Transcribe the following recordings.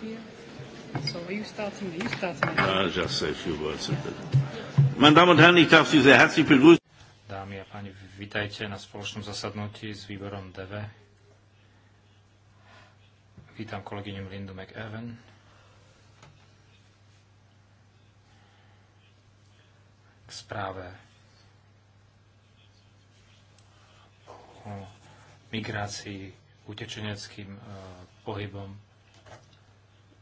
here. So you you just say a few words. Meine Damen und Herren, ich darf Sie sehr herzlich begrüßen. Dámy a páni, vítajte na spoločnom zasadnutí s výborom DV. Vítam kolegyňu Lindu McEwen. K správe o migrácii utečeneckým e, pohybom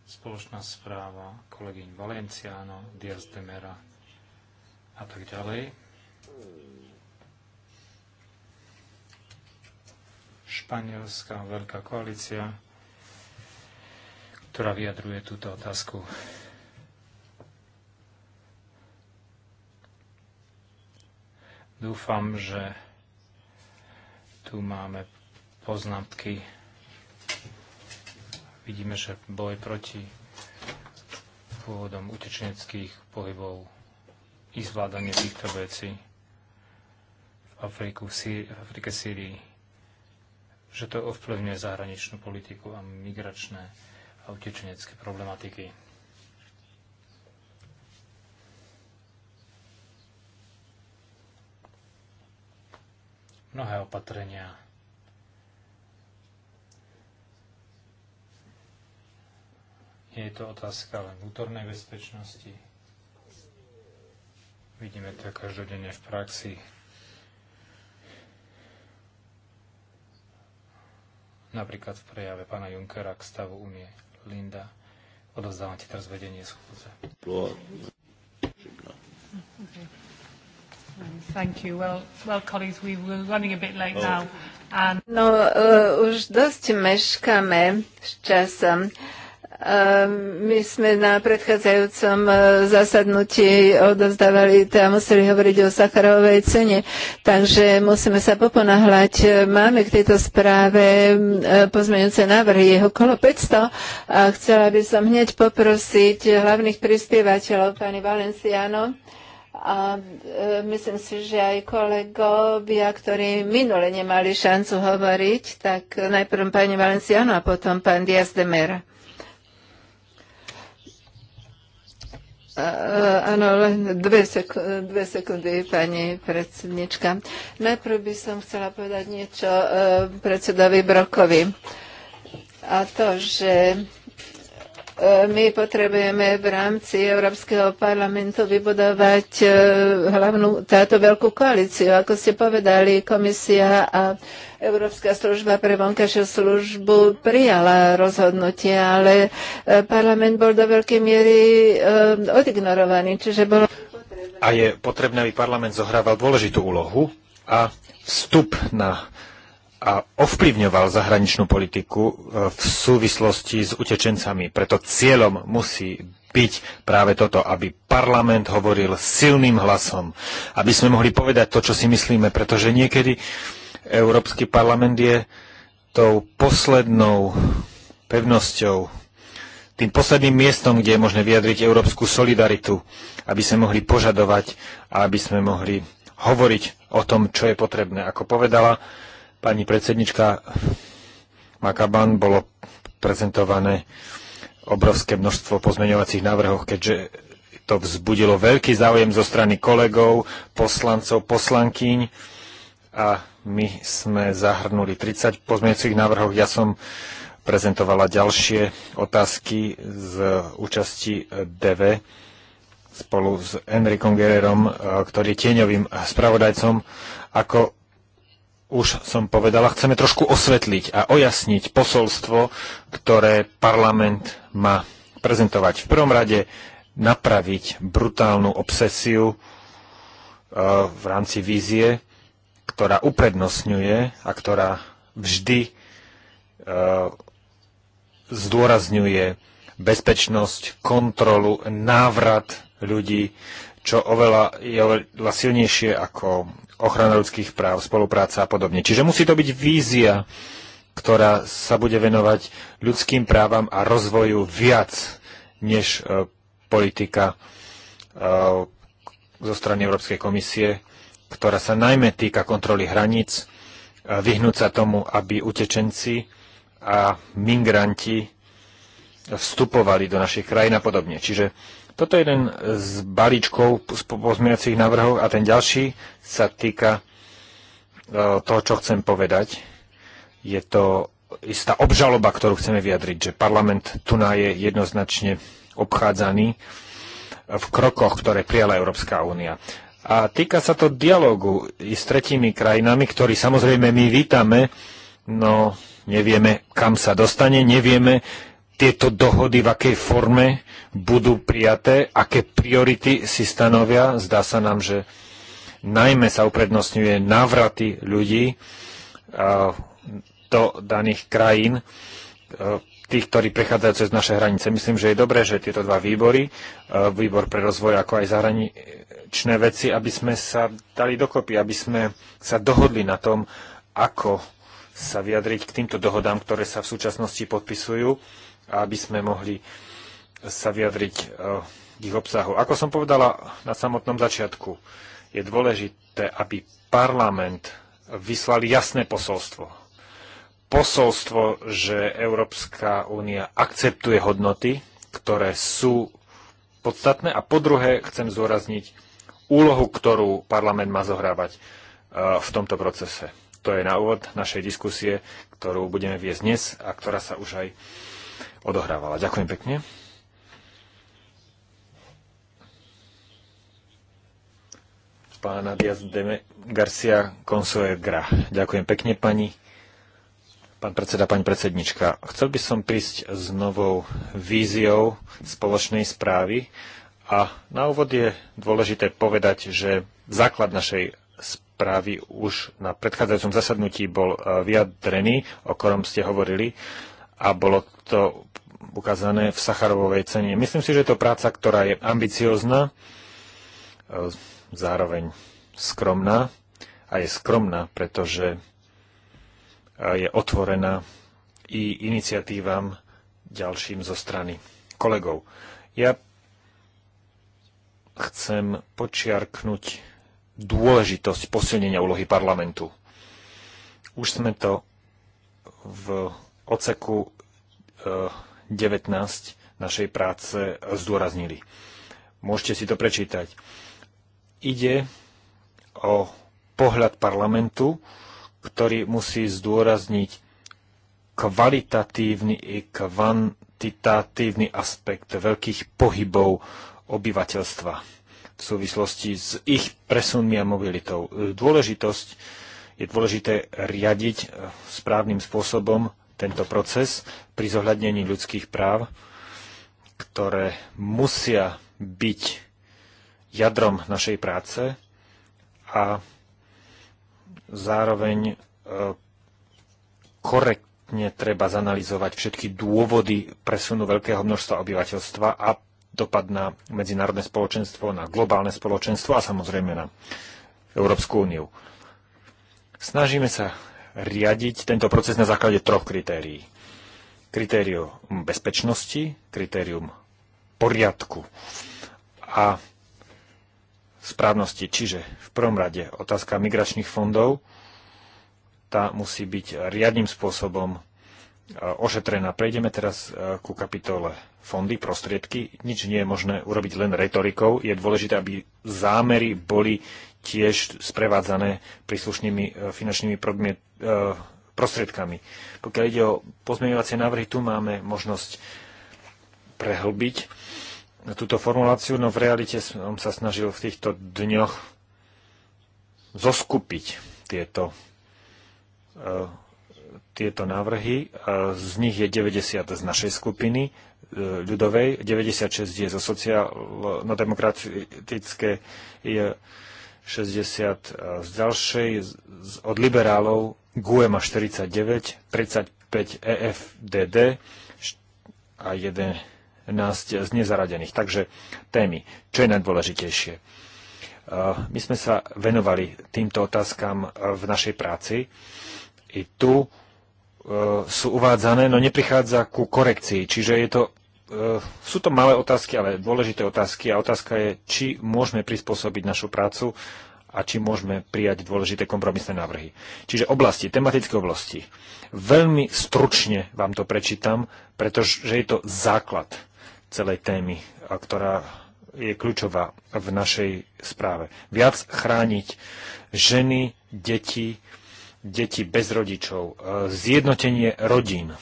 spoločná správa kolegyň Valenciano, Diaz de Mera a tak ďalej. Španielská veľká koalícia, ktorá vyjadruje túto otázku. Dúfam, že tu máme poznámky Vidíme, že boj proti pôvodom utečeneckých pohybov i zvládanie týchto vecí v, Afriku, v, Sýri, v Afrike, Sýrii, že to ovplyvňuje zahraničnú politiku a migračné a utečenecké problematiky. Mnohé opatrenia Nie je to otázka len vnútornej bezpečnosti. Vidíme to každodenne v praxi. Napríklad v prejave pána Junkera k stavu únie. Linda, odovzdávam ti teraz vedenie schôdze. Thank you. Well, well, colleagues, we were running a bit late oh. now. And... No, uh, už dosť meškame s časom. My sme na predchádzajúcom e, zasadnutí odozdávali teda museli hovoriť o Sacharovej cene, takže musíme sa poponahľať, e, Máme k tejto správe e, pozmeňujúce návrhy, je okolo 500 a chcela by som hneď poprosiť hlavných prispievateľov, pani Valenciano, a e, myslím si, že aj kolegovia, ktorí minule nemali šancu hovoriť, tak najprv pani Valenciano a potom pán Diaz de Mera. Áno, len dve, sek- dve sekundy, pani predsednička. Najprv by som chcela povedať niečo e, predsedovi Brokovi. A to, že E, my potrebujeme v rámci Európskeho parlamentu vybudovať e, hlavnú táto veľkú koalíciu. Ako ste povedali, komisia a Európska služba pre vonkajšiu službu prijala rozhodnutie, ale e, parlament bol do veľkej miery odignorovaný, čiže bolo... A je potrebné, aby parlament zohrával dôležitú úlohu a vstup na a ovplyvňoval zahraničnú politiku e, v súvislosti s utečencami. Preto cieľom musí byť práve toto, aby parlament hovoril silným hlasom, aby sme mohli povedať to, čo si myslíme, pretože niekedy Európsky parlament je tou poslednou pevnosťou, tým posledným miestom, kde je možné vyjadriť európsku solidaritu, aby sme mohli požadovať a aby sme mohli hovoriť o tom, čo je potrebné. Ako povedala pani predsednička Makaban, bolo prezentované obrovské množstvo pozmeňovacích návrhov, keďže to vzbudilo veľký záujem zo strany kolegov, poslancov, poslankyň a my sme zahrnuli 30 pozmeňujúcich návrhov. Ja som prezentovala ďalšie otázky z účasti DV spolu s Enrikom Guerrerom, ktorý je tieňovým spravodajcom, ako už som povedala, chceme trošku osvetliť a ojasniť posolstvo, ktoré parlament má prezentovať. V prvom rade napraviť brutálnu obsesiu e, v rámci vízie, ktorá uprednostňuje a ktorá vždy e, zdôrazňuje bezpečnosť, kontrolu, návrat ľudí, čo oveľa, je oveľa silnejšie ako ochrana ľudských práv, spolupráca a podobne. Čiže musí to byť vízia, ktorá sa bude venovať ľudským právam a rozvoju viac než e, politika e, zo strany Európskej komisie, ktorá sa najmä týka kontroly hraníc, e, vyhnúť sa tomu, aby utečenci a migranti vstupovali do našich krajín a podobne. Čiže toto je jeden z balíčkov pozmeňacích návrhov a ten ďalší sa týka e, toho, čo chcem povedať. Je to istá obžaloba, ktorú chceme vyjadriť, že parlament tu na je jednoznačne obchádzaný v krokoch, ktoré prijala Európska únia. A týka sa to dialogu i s tretími krajinami, ktorý samozrejme my vítame, no nevieme, kam sa dostane, nevieme, tieto dohody v akej forme budú prijaté, aké priority si stanovia. Zdá sa nám, že najmä sa uprednostňuje návraty ľudí do daných krajín, tých, ktorí prechádzajú cez naše hranice. Myslím, že je dobré, že tieto dva výbory, výbor pre rozvoj ako aj zahraničné veci, aby sme sa dali dokopy, aby sme sa dohodli na tom, ako sa vyjadriť k týmto dohodám, ktoré sa v súčasnosti podpisujú aby sme mohli sa vyjadriť k eh, ich obsahu. Ako som povedala na samotnom začiatku, je dôležité, aby parlament vyslal jasné posolstvo. Posolstvo, že Európska únia akceptuje hodnoty, ktoré sú podstatné. A po druhé, chcem zdôrazniť úlohu, ktorú parlament má zohrávať eh, v tomto procese. To je na úvod našej diskusie, ktorú budeme viesť dnes a ktorá sa už aj odohrávala. Ďakujem pekne. Pána Diaz de Garcia Consuegra. Ďakujem pekne, pani. Pán predseda, pani predsednička, chcel by som prísť s novou víziou spoločnej správy a na úvod je dôležité povedať, že základ našej správy už na predchádzajúcom zasadnutí bol eh, vyjadrený, o ktorom ste hovorili, a bolo to ukázané v Sacharovovej cene. Myslím si, že je to práca, ktorá je ambiciozná, e, zároveň skromná a je skromná, pretože e, je otvorená i iniciatívam ďalším zo strany kolegov. Ja chcem počiarknúť dôležitosť posilnenia úlohy parlamentu. Už sme to v oceku našej práce zdôraznili. Môžete si to prečítať. Ide o pohľad parlamentu, ktorý musí zdôrazniť kvalitatívny i kvantitatívny aspekt veľkých pohybov obyvateľstva v súvislosti s ich presunmi a mobilitou. Dôležitosť je dôležité riadiť e, správnym spôsobom tento proces pri zohľadnení ľudských práv, ktoré musia byť jadrom našej práce a zároveň e, korektne treba zanalizovať všetky dôvody presunu veľkého množstva obyvateľstva a dopad na medzinárodné spoločenstvo, na globálne spoločenstvo a samozrejme na Európsku úniu. Snažíme sa riadiť tento proces na základe troch kritérií. Kritérium bezpečnosti, kritérium poriadku a správnosti. Čiže v prvom rade otázka migračných fondov, tá musí byť riadnym spôsobom e, ošetrená. Prejdeme teraz e, ku kapitole fondy, prostriedky. Nič nie je možné urobiť len retorikou. Je dôležité, aby zámery boli tiež sprevádzané príslušnými e, finančnými e, prostriedkami. Pokiaľ ide o pozmeňovacie návrhy, tu máme možnosť prehlbiť túto formuláciu, no v realite som sa snažil v týchto dňoch zoskupiť tieto, e, tieto návrhy. Z nich je 90 z našej skupiny ľudovej, 96 je zo sociálno-demokratické je 60 e, z ďalšej, od liberálov GUEMA 49, 35 EFDD a 11 z nezaradených. Takže témy, čo je najdôležitejšie. E, my sme sa venovali týmto otázkam e, v našej práci. I tu sú uvádzané, no neprichádza ku korekcii, čiže je to sú to malé otázky, ale dôležité otázky a otázka je, či môžeme prispôsobiť našu prácu a či môžeme prijať dôležité kompromisné návrhy. Čiže oblasti, tematické oblasti. Veľmi stručne vám to prečítam, pretože je to základ celej témy, a ktorá je kľúčová v našej správe. Viac chrániť ženy, deti, deti bez rodičov, zjednotenie rodín,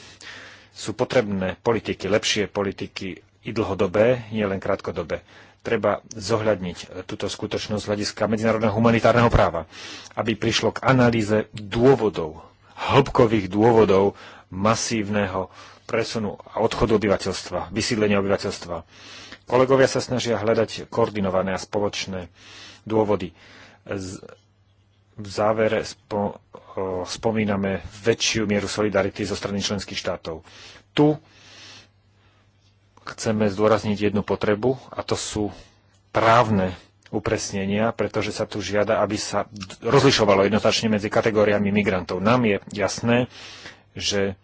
sú potrebné politiky, lepšie politiky i dlhodobé, nie len krátkodobé. Treba zohľadniť túto skutočnosť z hľadiska medzinárodného humanitárneho práva, aby prišlo k analýze dôvodov, hĺbkových dôvodov masívneho presunu a odchodu obyvateľstva, vysídlenia obyvateľstva. Kolegovia sa snažia hľadať koordinované a spoločné dôvody. Z, v závere spo, spomíname väčšiu mieru solidarity zo strany členských štátov. Tu chceme zdôrazniť jednu potrebu a to sú právne upresnenia, pretože sa tu žiada, aby sa rozlišovalo jednoznačne medzi kategóriami migrantov. Nám je jasné, že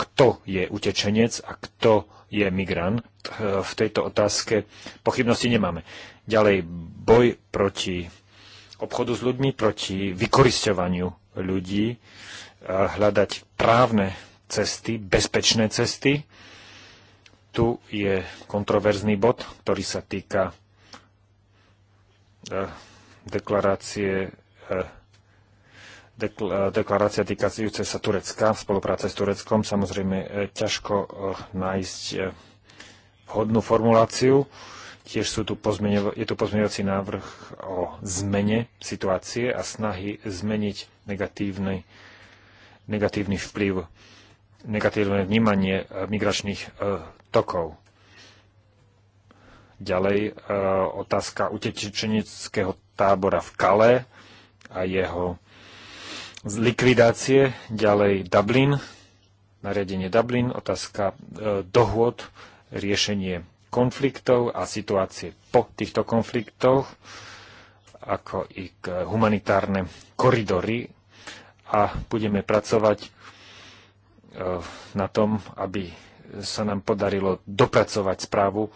kto je utečenec a kto je migrant. V tejto otázke pochybnosti nemáme. Ďalej, boj proti obchodu s ľuďmi, proti vykorisťovaniu ľudí e, hľadať právne cesty, bezpečné cesty. Tu je kontroverzný bod, ktorý sa týka e, deklarácie e, deklarácia týkajúce sa Turecka, spolupráce s Tureckom. Samozrejme, ťažko nájsť vhodnú formuláciu. Tiež sú tu je tu pozmeňovací návrh o zmene situácie a snahy zmeniť negatívny, negatívny vplyv, negatívne vnímanie e, migračných e, tokov. Ďalej e, otázka utečeneckého tábora v Kale a jeho z likvidácie, ďalej Dublin, nariadenie Dublin, otázka e, dohôd, riešenie konfliktov a situácie po týchto konfliktoch, ako i k humanitárne koridory a budeme pracovať e, na tom, aby sa nám podarilo dopracovať správu,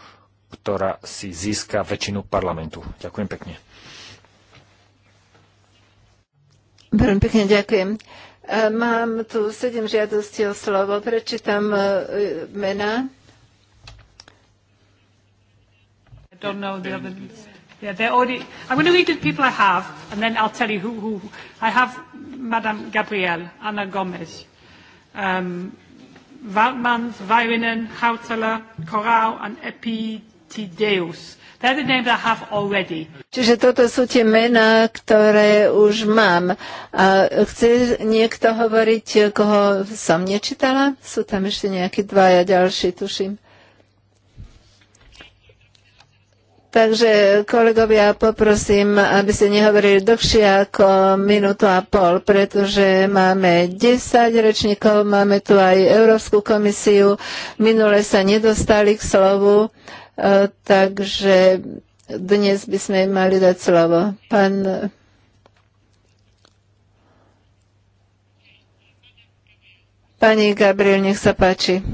ktorá si získa väčšinu parlamentu. Ďakujem pekne. Veľmi pekne ďakujem. E, mám tu sedem žiadostí o slovo. Prečítam e, mená. I don't know the other... Yeah, they're already. I'm going to read the people I have, and then I'll tell you who. who I have Madame Gabrielle, Anna Gomez, um, Valtmans, Vairinen, Hautala, Corau, and Epitideus. They're the names I have already. Čiže toto sú tie mená, ktoré už mám. A chce niekto hovoriť, koho som nečítala? Sú tam ešte nejakí dvaja ďalší, tuším. Takže kolegovia, poprosím, aby ste nehovorili dlhšie ako minútu a pol, pretože máme 10 rečníkov, máme tu aj Európsku komisiu, minule sa nedostali k slovu, e, takže dnes by sme im mali dať slovo. Pán Pani Gabriel, nech sa páči.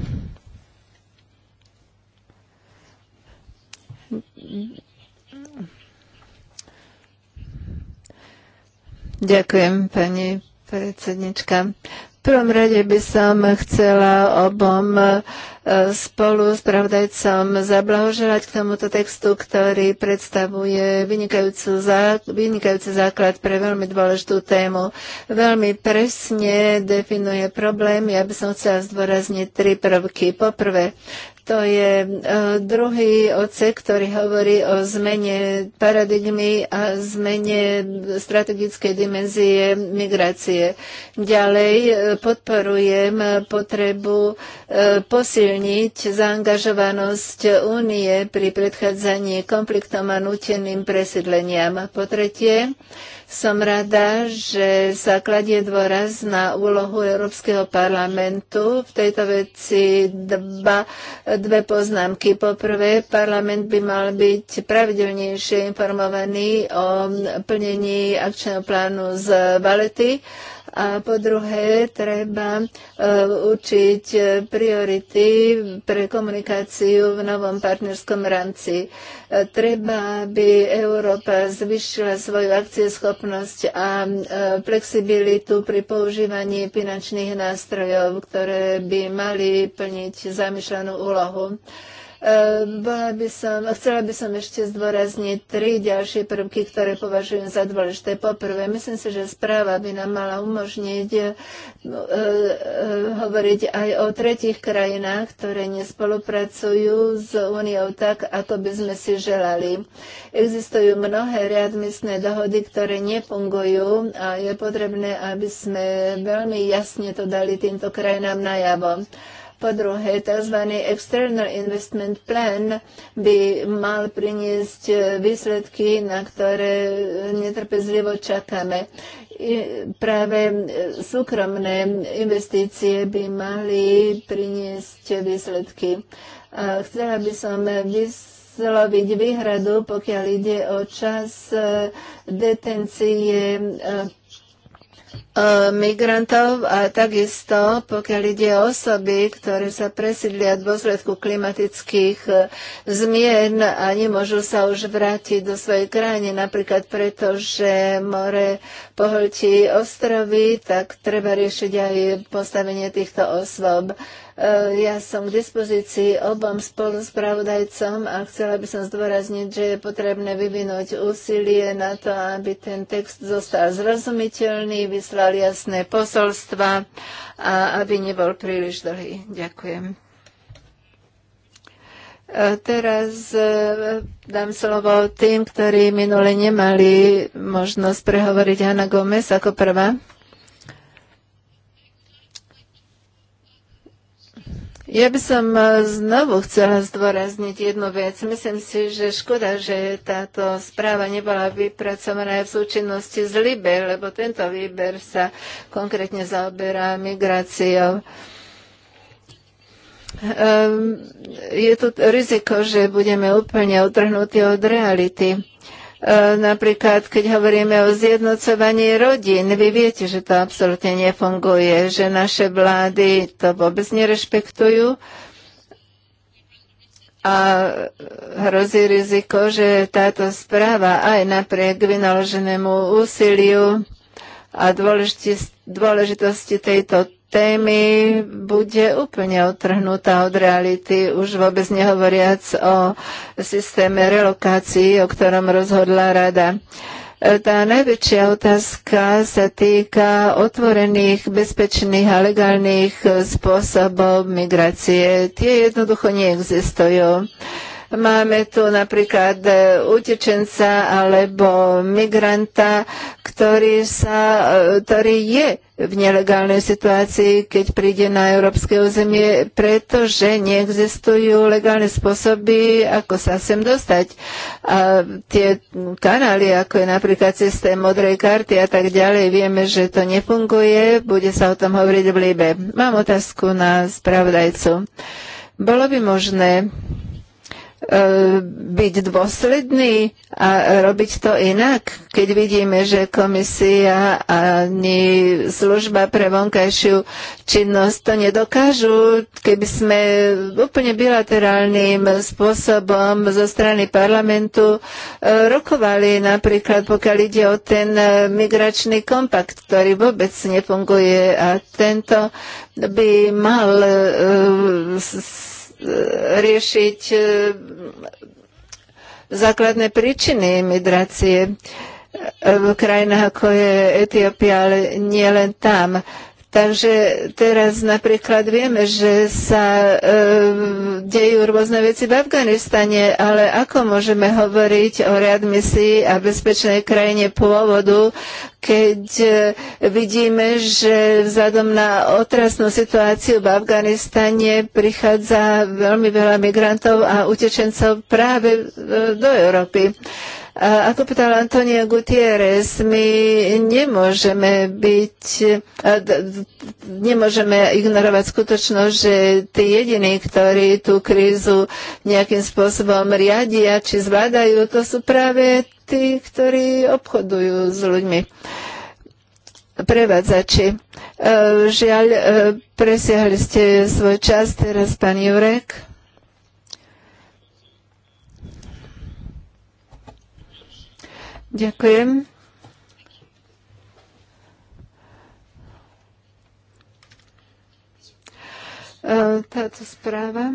Ďakujem, pani predsednička. V prvom rade by som chcela obom E, spolu s pravdajcom zablahoželať k tomuto textu, ktorý predstavuje vynikajúci základ pre veľmi dôležitú tému. Veľmi presne definuje problém. Ja by som chcela zdôrazniť tri prvky. Poprvé, to je e, druhý odsek, ktorý hovorí o zmene paradigmy a zmene strategickej dimenzie migrácie. Ďalej e, podporujem potrebu posilniť posilniť zaangažovanosť únie pri predchádzaní konfliktom a nuteným presídleniam. Po tretie, som rada, že sa kladie dôraz na úlohu Európskeho parlamentu. V tejto veci dva, dve poznámky. Poprvé, parlament by mal byť pravidelnejšie informovaný o plnení akčného plánu z Valety a po druhé treba e, učiť priority pre komunikáciu v novom partnerskom rámci. E, treba, aby Európa zvyšila svoju akcieschopnosť schopnosť a e, flexibilitu pri používaní finančných nástrojov, ktoré by mali plniť zamýšľanú úlohu. Ehm, bola by som, chcela by som ešte zdôrazniť tri ďalšie prvky, ktoré považujem za dôležité. Poprvé, myslím si, že správa by nám mala umožniť eh, eh, hovoriť aj o tretich krajinách, ktoré nespolupracujú s Úniou tak, ako by sme si želali. Existujú mnohé readmisné dohody, ktoré nefungujú a je potrebné, aby sme veľmi jasne to dali týmto krajinám najavo. Po druhé, tzv. External Investment Plan by mal priniesť e, výsledky, na ktoré netrpezlivo čakáme práve e, súkromné investície by mali priniesť výsledky. A chcela by som vysloviť výhradu, pokiaľ ide o čas e, detencie E, migrantov a takisto, pokiaľ ide o osoby, ktoré sa presídlia v dôsledku klimatických e, zmien a nemôžu sa už vrátiť do svojej krajiny, napríklad preto, že more pohltí ostrovy, tak treba riešiť aj postavenie týchto osôb. Eh, ja som k dispozícii obom spoluspravodajcom a chcela by som zdôrazniť, že je potrebné vyvinúť úsilie na to, aby ten text zostal zrozumiteľný, vyslal jasné posolstva a aby nebol príliš dlhý. Ďakujem. Eh, teraz eh, dám slovo tým, ktorí minule nemali možnosť prehovoriť Hanna Gomez ako prvá. Ja by som e, znovu chcela zdôrazniť jednu vec. Myslím si, že škoda, že táto správa nebola vypracovaná aj v súčinnosti z Libe, lebo tento výber sa konkrétne zaoberá migráciou. Ehm, je tu riziko, že budeme úplne utrhnutí od reality. E, napríklad, keď hovoríme o zjednocovaní rodín, vy viete, že to absolútne nefunguje, že naše vlády to vôbec nerešpektujú a hrozí riziko, že táto správa aj napriek vynaloženému úsiliu a dôležitosti tejto témy bude úplne otrhnutá od reality, už vôbec nehovoriac o systéme relokácií, o ktorom rozhodla rada. Tá najväčšia otázka sa týka otvorených, bezpečných a legálnych spôsobov migrácie. Tie jednoducho neexistujú. Máme tu napríklad e, utečenca alebo migranta, ktorý, sa, e, ktorý je v nelegálnej situácii, keď príde na európske územie, pretože neexistujú legálne spôsoby, ako sa sem dostať. A tie kanály, ako je napríklad systém modrej karty a tak ďalej, vieme, že to nefunguje, bude sa o tom hovoriť v Líbe. Mám otázku na spravodajcu. Bolo by možné byť dôsledný a robiť to inak, keď vidíme, že komisia ani služba pre vonkajšiu činnosť to nedokážu, keby sme úplne bilaterálnym spôsobom zo strany parlamentu e, rokovali, napríklad pokiaľ ide o ten e, migračný kompakt, ktorý vôbec nefunguje a tento by mal e, riešiť e, základné príčiny migrácie v e, krajinách ako je Etiópia, ale nielen tam. Takže teraz napríklad vieme, že sa e, dejú rôzne veci v Afganistane, ale ako môžeme hovoriť o readmisii a bezpečnej krajine pôvodu, keď e, vidíme, že vzhľadom na otrasnú situáciu v Afganistane prichádza veľmi veľa migrantov a utečencov práve e, do Európy ako povedal Antonio Gutierrez, my nemôžeme byť, nemôžeme ignorovať skutočnosť, že tí jediní, ktorí tú krízu nejakým spôsobom riadia či zvládajú, to sú práve tí, ktorí obchodujú s ľuďmi prevádzači. E, žiaľ, e, presiahli ste svoj čas teraz, pán Jurek. Ďakujem. E, táto správa.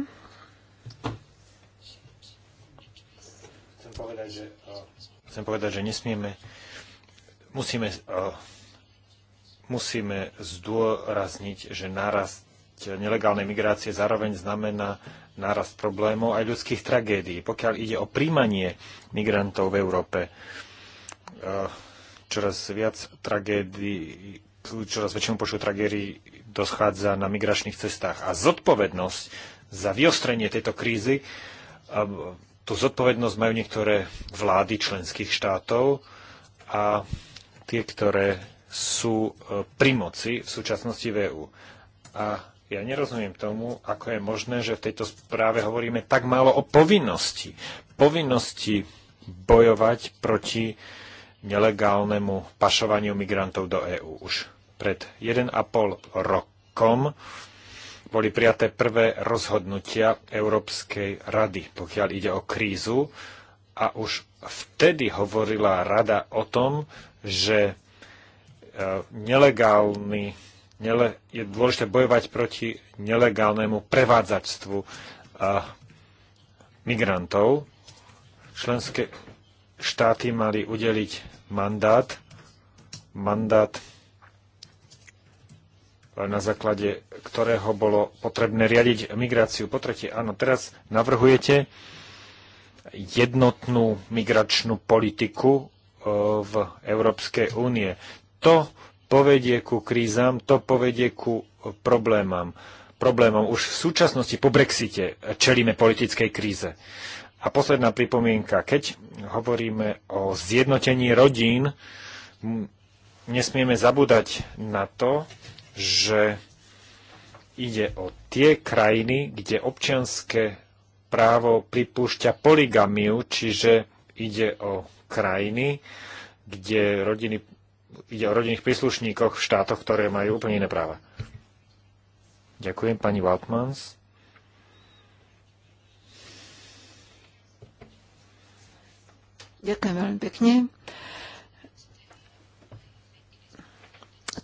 Chcem povedať, že, e, chcem povedať, že nesmieme, musíme, e, musíme zdôrazniť, že nárast nelegálnej migrácie zároveň znamená nárast problémov aj ľudských tragédií. Pokiaľ ide o príjmanie migrantov v Európe, čoraz viac tragédií, čoraz väčšinu počtu tragédií doschádza na migračných cestách. A zodpovednosť za vyostrenie tejto krízy, tú zodpovednosť majú niektoré vlády členských štátov a tie, ktoré sú e, pri moci v súčasnosti v EU. A ja nerozumiem tomu, ako je možné, že v tejto správe hovoríme tak málo o povinnosti. Povinnosti bojovať proti uh, nelegálnemu pašovaniu migrantov do EÚ. Už pred 1,5 rokom boli prijaté prvé rozhodnutia Európskej rady, pokiaľ ide o krízu. A už vtedy hovorila rada o tom, že e, nelegálny, nele, je dôležité bojovať proti nelegálnemu prevádzačstvu e, migrantov. Členské štáty mali udeliť mandát, mandát na základe ktorého bolo potrebné riadiť migráciu. Po tretie, áno, teraz navrhujete jednotnú migračnú politiku e, v Európskej únie. To povedie ku krízam, to povedie ku problémam. Problémom už v súčasnosti po Brexite čelíme politickej kríze. A posledná pripomienka. Keď hovoríme o zjednotení rodín, nesmieme zabúdať na to, že ide o tie krajiny, kde občianské právo pripúšťa poligamiu, čiže ide o krajiny, kde rodiny, ide o rodinných príslušníkoch v štátoch, ktoré majú úplne iné práva. Ďakujem, pani Waltmans. Ďakujem veľmi pekne.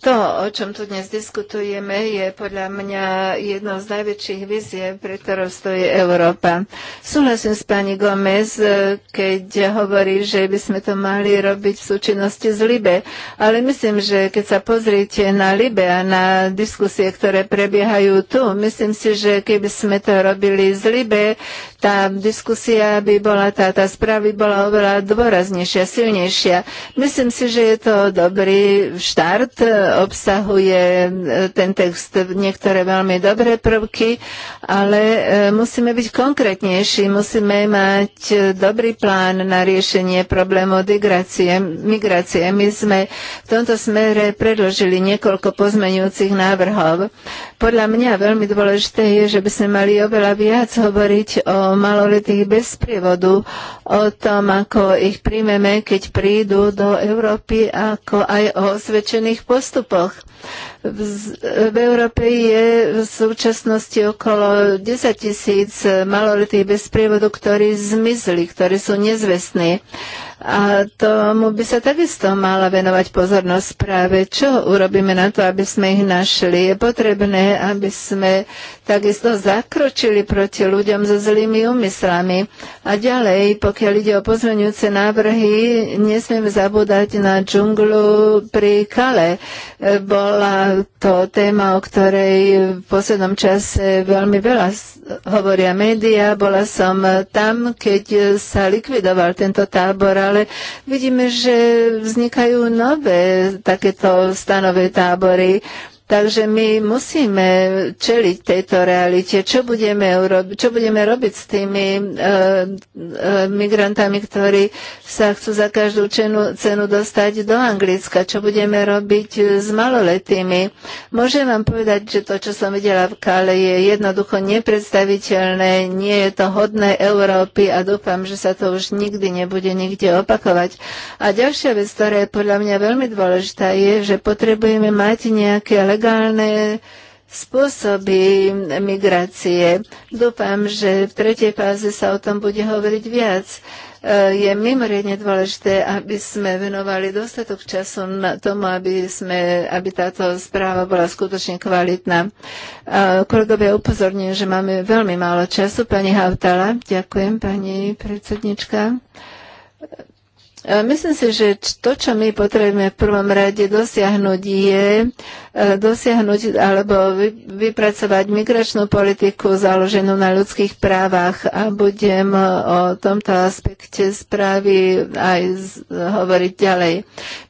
To, o čom tu dnes diskutujeme, je podľa mňa jednou z najväčších vizie, pre ktorou stojí Európa. Súhlasím s pani Gomez, e, keď hovorí, že by sme to mali robiť v súčinnosti s Libe, ale myslím, že keď sa pozriete na Libe a na diskusie, ktoré prebiehajú tu, myslím si, že keby sme to robili z Libe, tá diskusia by bola, tá, tá správa by bola oveľa dôraznejšia, silnejšia. Myslím si, že je to dobrý štart obsahuje e, ten text niektoré veľmi dobré prvky, ale e, musíme byť konkrétnejší, musíme mať e, dobrý plán na riešenie problému migrácie. migrácie. My sme v tomto smere predložili niekoľko pozmeňujúcich návrhov. Podľa mňa veľmi dôležité je, že by sme mali oveľa viac hovoriť o maloletých bez prievodu, o tom, ako ich príjmeme, keď prídu do Európy, ako aj o osvedčených postupoch postupoch. V, v Európe je v súčasnosti okolo 10 tisíc maloletých bez prievodu, ktorí zmizli, ktorí sú nezvestní. A tomu by sa takisto mala venovať pozornosť práve, čo urobíme na to, aby sme ich našli. Je potrebné, aby sme takisto zakročili proti ľuďom so zlými úmyslami. A ďalej, pokiaľ ide o pozmeňujúce návrhy, nesmieme zabúdať na džunglu pri Kale. Bola to téma, o ktorej v poslednom čase veľmi veľa hovoria médiá. Bola som tam, keď sa likvidoval tento tábor, ale vidíme, že vznikajú nové takéto stanové tábory Takže my musíme čeliť tejto realite. Čo budeme, urobi- čo budeme robiť s tými e, e, migrantami, ktorí sa chcú za každú cenu, cenu dostať do Anglicka? Čo budeme robiť e, s maloletými? Môžem vám povedať, že to, čo som videla v Kale, je jednoducho nepredstaviteľné. Nie je to hodné Európy a dúfam, že sa to už nikdy nebude nikde opakovať. A ďalšia vec, ktorá je podľa mňa veľmi dôležitá, je, že potrebujeme mať nejaké legálne spôsoby migrácie. Dúfam, že v tretej fáze sa o tom bude hovoriť viac. E, je mimoriadne dôležité, aby sme venovali dostatok času na tomu, aby, sme, aby táto správa bola skutočne kvalitná. E, kolegovia, upozorňujem, že máme veľmi málo času. Pani Hautala, ďakujem, pani predsednička. E, myslím si, že to, čo my potrebujeme v prvom rade dosiahnuť, je E, dosiahnuť alebo vypracovať migračnú politiku založenú na ľudských právach a budem o tomto aspekte správy aj hovoriť ďalej.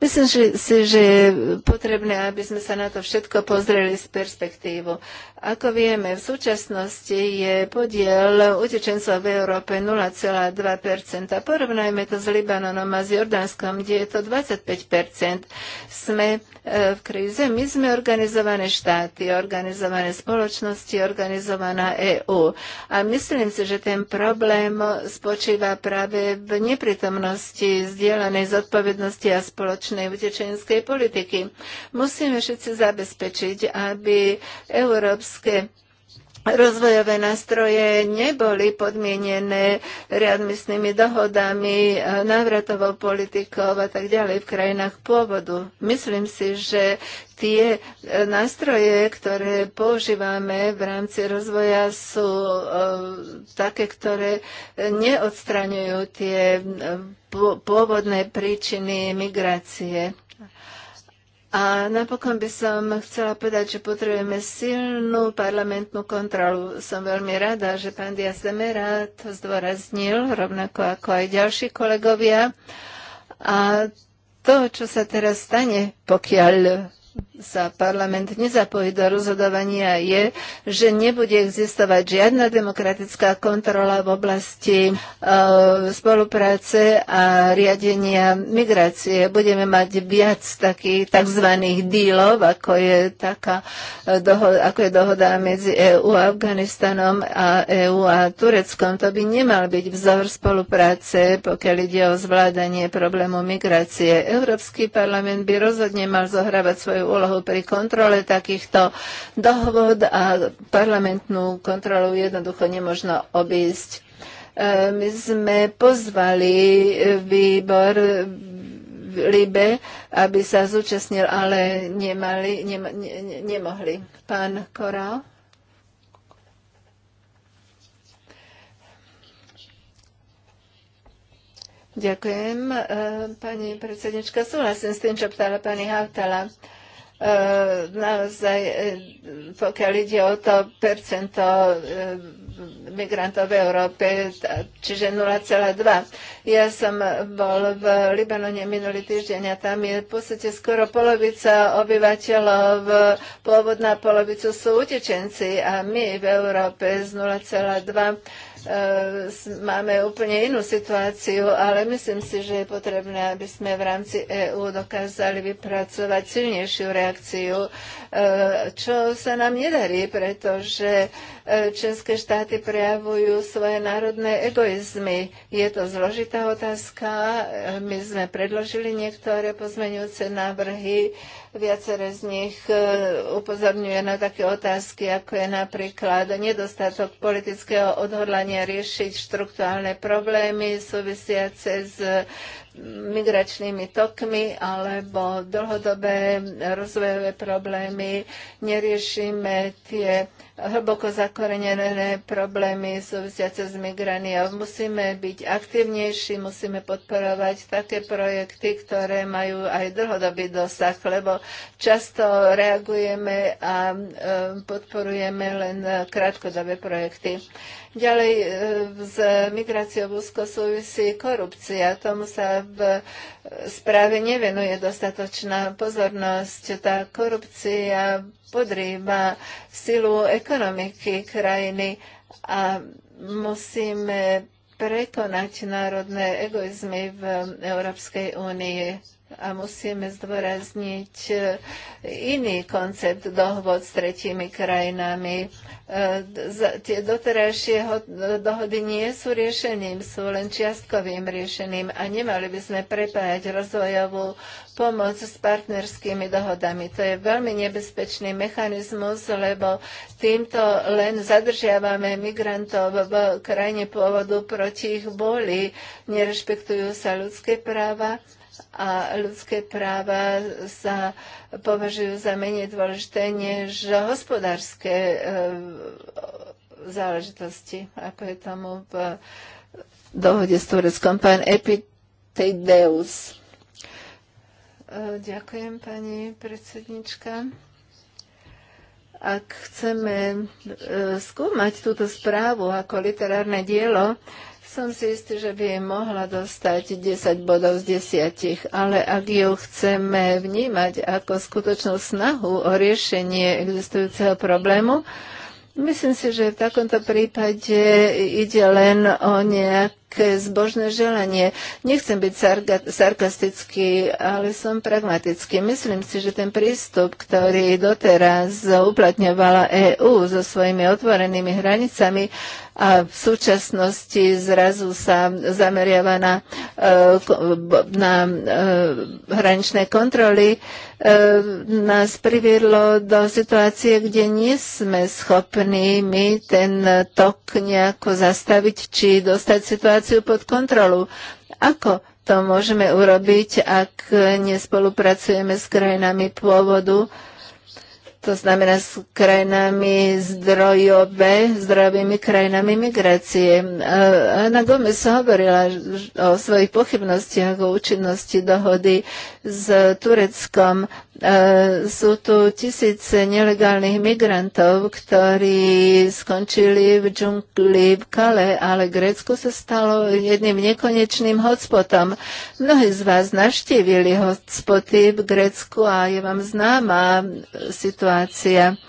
Myslím si, že je potrebné, aby sme sa na to všetko pozreli z perspektívu. Ako vieme, v súčasnosti je podiel utečencov v Európe 0,2%. Porovnajme to s Libanonom a s Jordánskom, kde je to 25%. Sme e, v kríze, my sme organizované štáty, organizované spoločnosti, organizovaná EÚ. A myslím si, že ten problém spočíva práve v neprítomnosti zdieľanej zodpovednosti a spoločnej utečenskej politiky. Musíme všetci zabezpečiť, aby európske rozvojové nástroje neboli podmienené readmisnými dohodami, návratovou politikou a tak ďalej v krajinách pôvodu. Myslím si, že tie nástroje, ktoré používame v rámci rozvoja, sú eh, také, ktoré neodstraňujú tie eh, pôvodné príčiny migrácie. A napokon by som chcela povedať, že potrebujeme silnú parlamentnú kontrolu. Som veľmi rada, že pán Diaz Demera to zdôraznil, rovnako ako aj ďalší kolegovia. A to, čo sa teraz stane, pokiaľ sa parlament nezapojí do rozhodovania je, že nebude existovať žiadna demokratická kontrola v oblasti e, spolupráce a riadenia migrácie. Budeme mať viac takých tzv. dílov, ako je, taká e, dohoda, ako je dohoda medzi EU a Afganistanom a EU a Tureckom. To by nemal byť vzor spolupráce, pokiaľ ide o zvládanie problému migrácie. Európsky parlament by rozhodne mal zohrávať svoju svoju úlohu pri kontrole takýchto dohod a parlamentnú kontrolu jednoducho nemožno obísť. E, my sme pozvali výbor v Libe, aby sa zúčastnil, ale nemali, ne, ne, nemohli. Pán Korál? Ďakujem, e, pani predsednička. Súhlasím s tým, čo ptala pani Hautala. Eh, naozaj, eh, pokiaľ ide o to percento eh, migrantov v Európe, čiže 0,2. Ja som bol v Libanone minulý týždeň a tam je v podstate skoro polovica obyvateľov, pôvodná polovicu sú utečenci a my v Európe z 0,2 E, máme úplne inú situáciu, ale myslím si, že je potrebné, aby sme v rámci EÚ dokázali vypracovať silnejšiu reakciu, e, čo sa nám nedarí, pretože e, české štáty prejavujú svoje národné egoizmy. Je to zložitá otázka. My sme predložili niektoré pozmeňujúce návrhy, Viacere z nich e, upozorňuje na také otázky, ako je napríklad nedostatok politického odhodlania riešiť štruktúrálne problémy súvisiace s migračnými tokmi alebo dlhodobé rozvojové problémy, neriešime tie hlboko zakorenené problémy súvisiace s migraniou. Musíme byť aktivnejší, musíme podporovať také projekty, ktoré majú aj dlhodobý dosah, lebo často reagujeme a e, podporujeme len krátkodobé projekty. Ďalej e, s migráciou úzko súvisí korupcia. Tomu sa v správe nevenuje dostatočná pozornosť. Tá korupcia podrýva silu ekonomiky krajiny a musíme prekonať národné egoizmy v Európskej únii a musíme zdôrazniť e, iný koncept dohod s tretími krajinami. E, tie doterajšie e, dohody nie sú riešením, sú len čiastkovým riešením a nemali by sme prepájať rozvojovú pomoc s partnerskými dohodami. To je veľmi nebezpečný mechanizmus, lebo týmto len zadržiavame migrantov v krajine pôvodu proti ich boli, nerešpektujú sa ľudské práva a ľudské práva sa považujú za menej dôležité než hospodárske e, záležitosti, ako je tomu v dohode s Tureckom. Pán Epiteideus. E, ďakujem, pani predsednička ak chceme e, skúmať túto správu ako literárne dielo, som si istý, že by mohla dostať 10 bodov z 10, ale ak ju chceme vnímať ako skutočnú snahu o riešenie existujúceho problému, Myslím si, že v takomto prípade ide len o nejak také zbožné želanie. Nechcem byť sarga- sarkastický, ale som pragmatický. Myslím si, že ten prístup, ktorý doteraz uplatňovala EÚ so svojimi otvorenými hranicami, a v súčasnosti zrazu sa zameriava na, e, na e, hraničné kontroly, e, nás priviedlo do situácie, kde nie sme schopní my ten tok nejako zastaviť či dostať situáciu situáciu pod kontrolu. Ako to môžeme urobiť, ak nespolupracujeme s krajinami pôvodu, to znamená s krajinami zdrojové, zdrojovými krajinami migrácie. Ana Gomez hovorila o svojich pochybnostiach o účinnosti dohody s Tureckom. E, sú tu tisíce nelegálnych migrantov, ktorí skončili v džungli v Kale, ale Grécko sa stalo jedným nekonečným hotspotom. Mnohí z vás navštívili hotspoty v Grécku a je vám známa situácia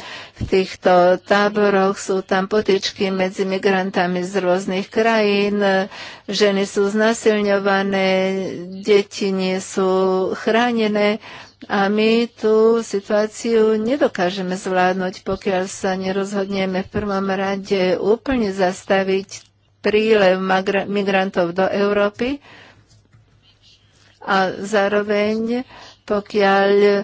týchto táboroch sú tam potičky medzi migrantami z rôznych krajín, ženy sú znasilňované, deti nie sú chránené a my tú situáciu nedokážeme zvládnuť, pokiaľ sa nerozhodneme v prvom rade úplne zastaviť prílev migrantov do Európy a zároveň pokiaľ e,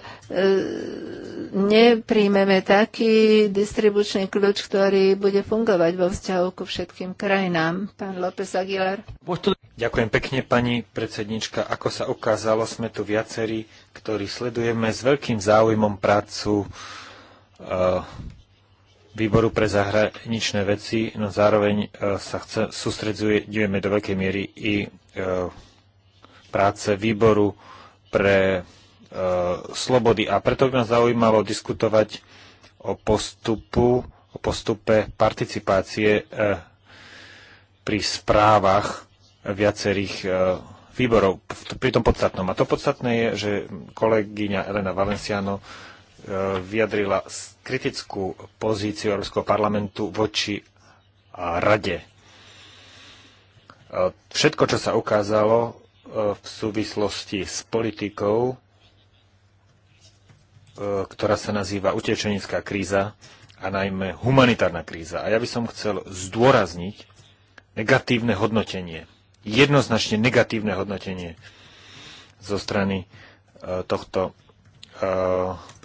nepríjmeme taký distribučný kľúč, ktorý bude fungovať vo vzťahu ku všetkým krajinám. Pán López Aguilar. Ďakujem pekne, pani predsednička. Ako sa ukázalo, sme tu viacerí, ktorí sledujeme s veľkým záujmom prácu e, výboru pre zahraničné veci, no zároveň e, sa chce, sústredzujeme do veľkej miery i e, práce výboru pre E, slobody. A preto by ma zaujímalo diskutovať o postupu, o postupe participácie e, pri správach viacerých e, výborov, pri tom podstatnom. A to podstatné je, že kolegyňa Elena Valenciano vyjadrila kritickú pozíciu Európskeho parlamentu voči rade. Všetko, čo sa ukázalo v súvislosti s politikou E, ktorá sa nazýva utečenická kríza a najmä humanitárna kríza. A ja by som chcel zdôrazniť negatívne hodnotenie, jednoznačne negatívne hodnotenie zo strany e, tohto e,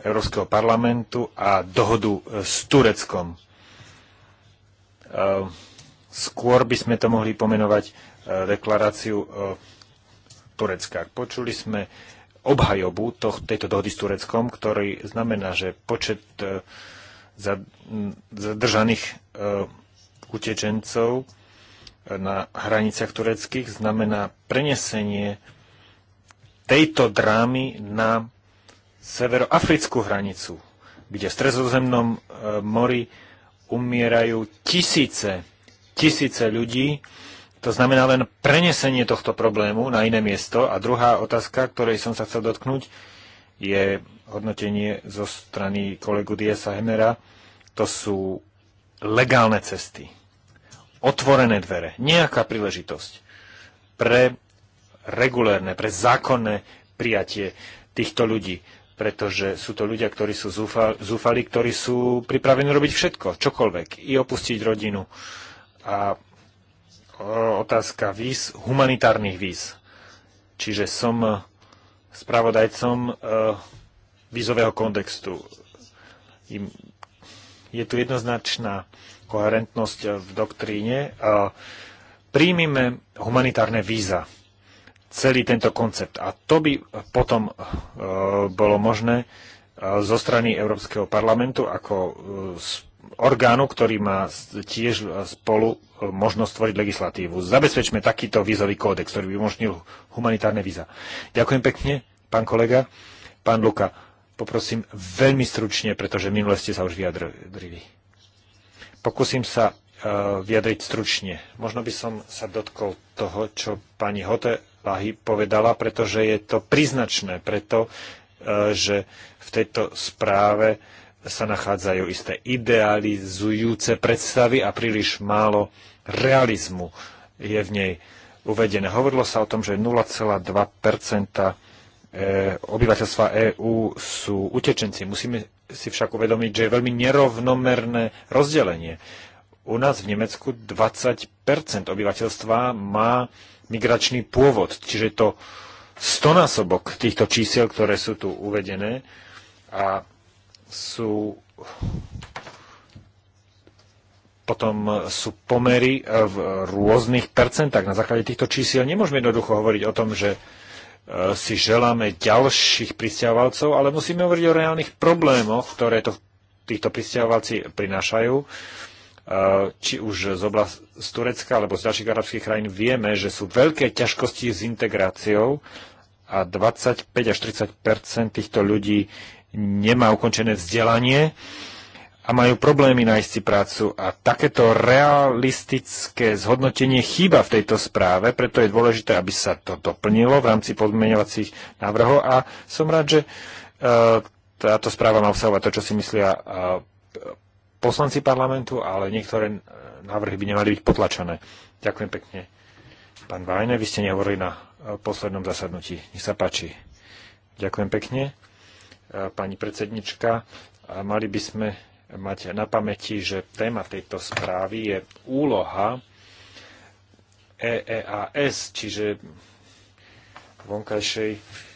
Európskeho parlamentu a dohodu s Tureckom. Skôr by sme to mohli pomenovať deklaráciu Turecka. Počuli sme obhajobu toh, tejto dohody s Tureckom, ktorý znamená, že počet e, zadržaných e, utečencov e, na hraniciach tureckých znamená prenesenie tejto drámy na severoafrickú hranicu, kde v Stredozemnom mori umierajú tisíce, tisíce ľudí, to znamená len prenesenie tohto problému na iné miesto. A druhá otázka, ktorej som sa chcel dotknúť, je hodnotenie zo strany kolegu Diasa Hemera. To sú legálne cesty. Otvorené dvere. Nejaká príležitosť pre regulérne, pre zákonné prijatie týchto ľudí. Pretože sú to ľudia, ktorí sú zúfali, ktorí sú pripravení robiť všetko, čokoľvek. I opustiť rodinu. A otázka víz, humanitárnych víz. Čiže som e, spravodajcom e, vízového kontextu. Je tu jednoznačná koherentnosť v doktríne. Príjmime humanitárne víza, celý tento koncept. A to by potom e, bolo možné zo strany Európskeho parlamentu ako orgánu, ktorý má tiež spolu e, možnosť stvoriť legislatívu. Zabezpečme takýto vízový kódex, ktorý by umožnil humanitárne víza. Ďakujem pekne, pán kolega. Pán Luka, poprosím veľmi stručne, pretože minule ste sa už vyjadrili. Pokúsim sa e, vyjadriť stručne. Možno by som sa dotkol toho, čo pani Hote Lahy povedala, pretože je to príznačné, preto, e, že v tejto správe sa nachádzajú isté idealizujúce predstavy a príliš málo realizmu je v nej uvedené. Hovorilo sa o tom, že 0,2 e, obyvateľstva EÚ sú utečenci. Musíme si však uvedomiť, že je veľmi nerovnomerné rozdelenie. U nás v Nemecku 20 obyvateľstva má migračný pôvod, čiže to stonásobok týchto čísiel, ktoré sú tu uvedené. A sú potom sú pomery v rôznych percentách. Na základe týchto čísiel nemôžeme jednoducho hovoriť o tom, že e, si želáme ďalších pristiavalcov, ale musíme hovoriť o reálnych problémoch, ktoré to, títo pristiavalci prinášajú. E, či už z, oblasti z Turecka alebo z ďalších arabských krajín vieme, že sú veľké ťažkosti s integráciou a 25 až 30 týchto ľudí nemá ukončené vzdelanie a majú problémy nájsť si prácu. A takéto realistické zhodnotenie chýba v tejto správe, preto je dôležité, aby sa to doplnilo v rámci podmenovacích návrhov a som rád, že e, táto správa má obsahovať to, čo si myslia e, poslanci parlamentu, ale niektoré návrhy by nemali byť potlačené. Ďakujem pekne. Pán Vajne, vy ste nehovorili na e, poslednom zasadnutí. Nech sa páči. Ďakujem pekne pani predsednička. Mali by sme mať na pamäti, že téma tejto správy je úloha EEAS, čiže vonkajšej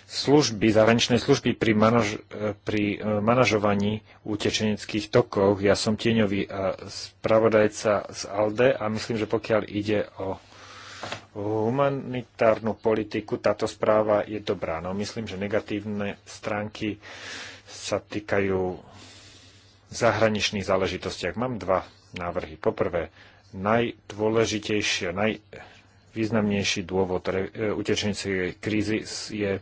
služby, zahraničnej služby pri, manaž, pri e, manažovaní utečeneckých tokov. Ja som tieňový e, spravodajca z ALDE a myslím, že pokiaľ ide o humanitárnu politiku táto správa je dobrá. No myslím, že negatívne stránky sa týkajú zahraničných záležitostiach. Mám dva návrhy. Poprvé, najdôležitejšie, najvýznamnejší dôvod e, utečenecej krízy je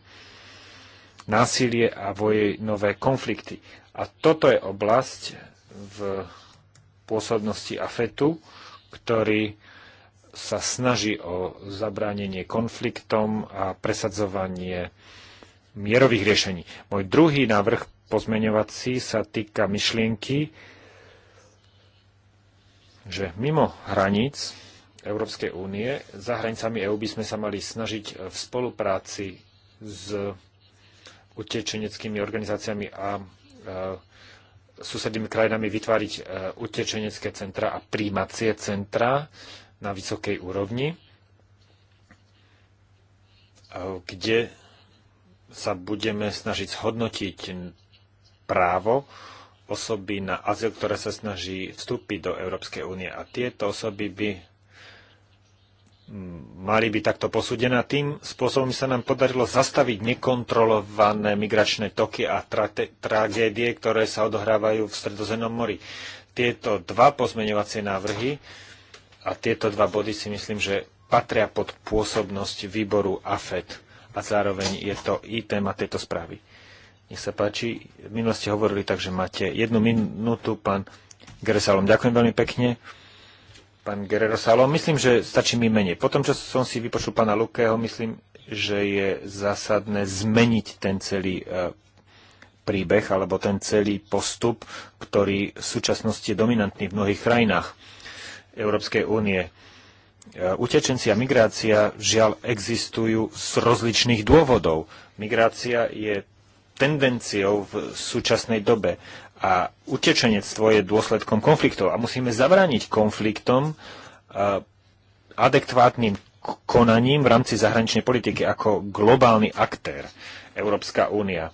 násilie a vojnové konflikty. A toto je oblasť v pôsobnosti AFETu, ktorý sa snaží o zabránenie konfliktom a presadzovanie mierových riešení. Môj druhý návrh pozmeňovací sa týka myšlienky, že mimo hraníc Európskej únie, za hranicami EÚ by sme sa mali snažiť v spolupráci s utečeneckými organizáciami a e, susednými krajinami vytváriť e, utečenecké centra a príjmacie centra na vysokej úrovni, kde sa budeme snažiť zhodnotiť právo osoby na azyl, ktoré sa snaží vstúpiť do Európskej únie. A tieto osoby by mm, mali byť takto posúdené Tým spôsobom sa nám podarilo zastaviť nekontrolované migračné toky a tra- tragédie, ktoré sa odohrávajú v Stredozemnom mori. Tieto dva pozmeňovacie návrhy a tieto dva body si myslím, že patria pod pôsobnosť výboru AFED a zároveň je to i téma tejto správy. Nech sa páči, v ste hovorili, takže máte jednu minútu, pán Geresalom. Ďakujem veľmi pekne. Pán Geresalom, myslím, že stačí mi menej. Potom, čo som si vypočul pána Lukého, myslím, že je zásadné zmeniť ten celý e, príbeh alebo ten celý postup, ktorý v súčasnosti je dominantný v mnohých krajinách. Európskej únie. E, utečenci a migrácia žiaľ existujú z rozličných dôvodov. Migrácia je tendenciou v súčasnej dobe a utečenectvo je dôsledkom konfliktov a musíme zabrániť konfliktom e, adekvátnym konaním v rámci zahraničnej politiky ako globálny aktér Európska únia